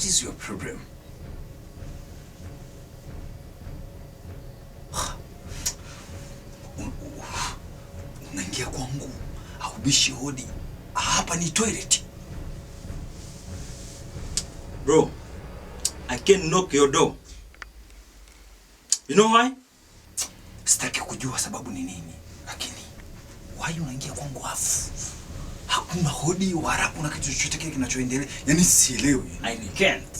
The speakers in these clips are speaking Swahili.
What is your problem? Unaingia kwangu haubishi hodi. Hapa ni toilet. Bro, I can knock your door. You know why? Sitaki kujua sababu ni nini, lakini why unaingia kwangu hafu? hakuna hodi wala hakuna kitu chochote kile kinachoendelea. Yaani sielewi. I can't.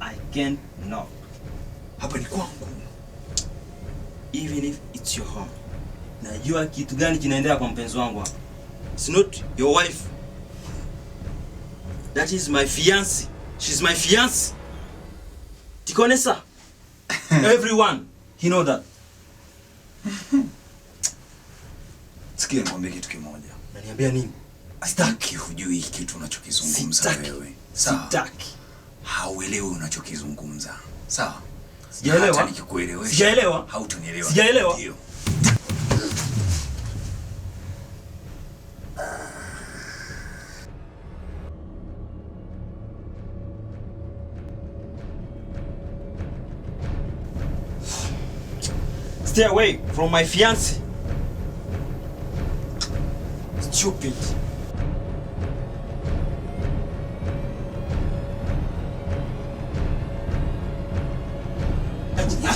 I can't no. Hapa ni kwangu. Even if it's your home. Najua kitu gani kinaendelea kwa mpenzi wangu hapa. It's not your wife. That is my fiance. She's my fiance. Tikonesa. Everyone, he know that. Sikia, niambie kitu kimoja. Naniambia nini? Sitaki, hujui kitu unachokizungumza wewe. Sawa. Sitaki. Hauelewi unachokizungumza. Sawa. Sijaelewa. Nikikuelewesha. Sijaelewa. Hautanielewa. Sijaelewa. Ndio. Stay away from my fiance. Stupid.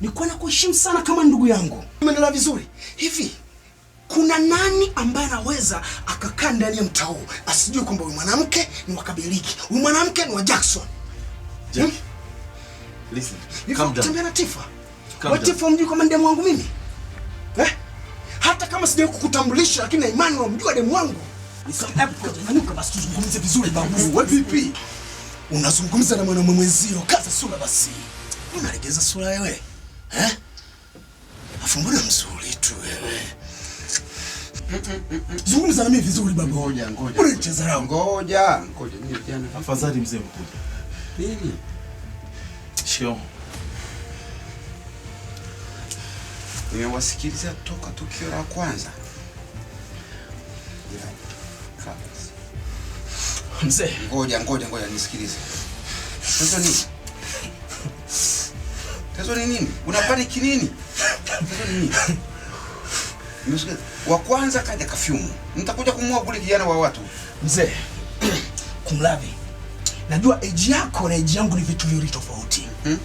nilikuwa nakuheshimu sana kama ndugu yangu. Umeendelea vizuri? Hivi kuna nani ambaye anaweza akakaa ndani ya mtaa huu asijue kwamba huyu mwanamke ni wa Kabiliki, huyu mwanamke ni wa Jackson? Jack, hmm? listen, calm down. Tembea na Tifa. Watifa wamjui kama ndemu wangu mimi eh? Hata kama sijawahi kukutambulisha, lakini na imani wamjua demu wangu. Basi tuzungumze vizuri babu. Wewe vipi? Unazungumza na mwanamume mwenzio, kaza sura basi. Unaregeza sura wewe. Eh? Afu mbona mzuri tu wewe? Zungumza mimi vizuri baba. Ngoja, ngoja. Bora cheza rao. Ngoja, ngoja. Mimi jana? Afadhali mzee mkubwa. Nini? Shio. Nimewasikiliza toka tukio la kwanza. Mzee. Ngoja, ngoja, ngoja nisikilize. Sasa nini? Tatizo ni nini? Unapaniki nini? Wa kwanza kaja kafyumu. Nitakuja kumua kule kijana wa watu. Mzee, kumlavi. Najua age yako na age yangu ni vitu viwili tofauti. Hmm?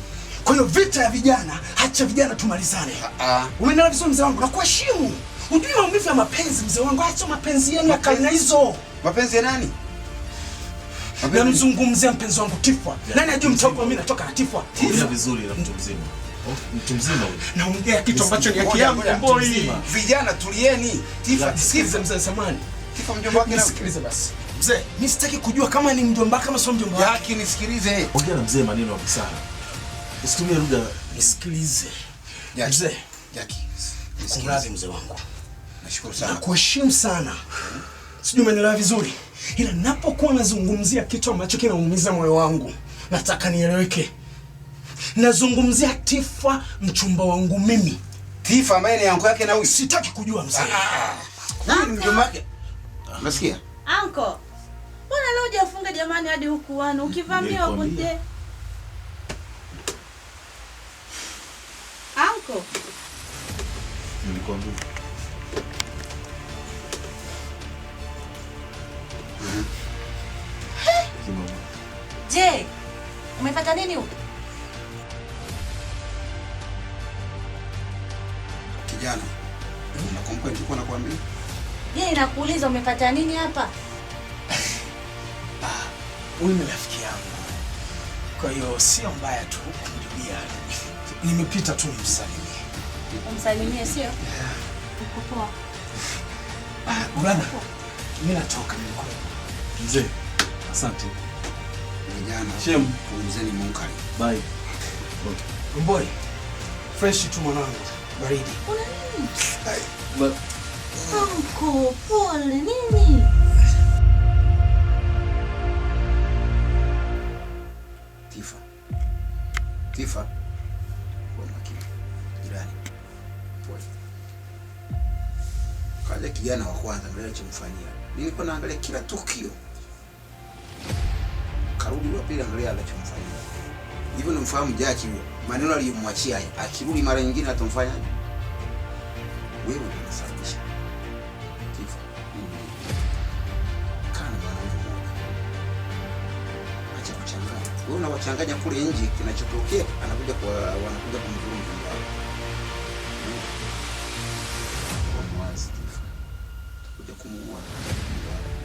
Kwa hiyo vita ya vijana, acha vijana tumalizane. Uh ah, -uh. Ah. Umenielewa vizuri mzee wangu? Nakuheshimu. Unajua maumivu ya mapenzi mzee wangu, acha mapenzi yenu ya kaina hizo. Mapenzi ya nani? namzungumzia mpenzi wangu Tifwa. Nani ajui mtoko mimi natoka na Tifwa vizuri na mtu mzima oh, Mtu mzima huyo. Naongea kitu ambacho ni haki yangu boy. Vijana tulieni. Tifwa sikilize mzee Samani. Tifwa mjomba wake nisikilize basi. Mzee, mimi sitaki kujua kama ni mjomba kama sio mjomba wake. Yaki nisikilize. Ongea na mzee maneno ya busara. Usitumie lugha nisikilize. Mzee, Yaki. Nisikilize mzee wangu. Nashukuru sana. Nakuheshimu sana. Hmm? Sijui umeelewa vizuri, ila napokuwa nazungumzia kitu ambacho kinaumiza moyo wangu, nataka nieleweke. Nazungumzia Tifa, mchumba wangu mimi. Tifa ambaye ni yangu yake, na sitaki kujua mzee. Nani ah, ah, ah. mjomba wake? Unasikia? Anko. Mbona leo hujafunga jamani hadi huku wana ukivamia kunde. Anko. Nilikwambia. Je, umepata nini huko? Kijana, nakumbuka nilikuwa nakwambia. Je, nakuuliza umepata nini hapa? Ah, huyu ni rafiki yangu, kwa hiyo sio mbaya tu kumjibia. Nimepita tu nimsalimie. Umsalimie sio? Uko poa. Ah, bwana, mimi natoka nilikuwa Mzee, asante. Vijana, shem, pumzeni munkari. Bye. Okay. Mboi, fresh tu mwanangu. Baridi. Una nini? Ba Anko, pole nini? Tifa. Tifa. Kwa makini. Jirani. Pole. Kaja kijana wa kwanza, mlele chomfanyia. Nilikuwa naangalia kila tukio akarudi yule pili, angalia anachomfanyia. Hivyo mfahamu Jaji huyo. Maneno aliyomwachia haya, akirudi mara nyingine atamfanya Wewe ndio unasababisha kifo. Kana mara mmoja. Acha kuchanganya. Wewe unawachanganya kule nje, kinachotokea anakuja kwa wanakuja kumdhuru mtu wao. kumuua.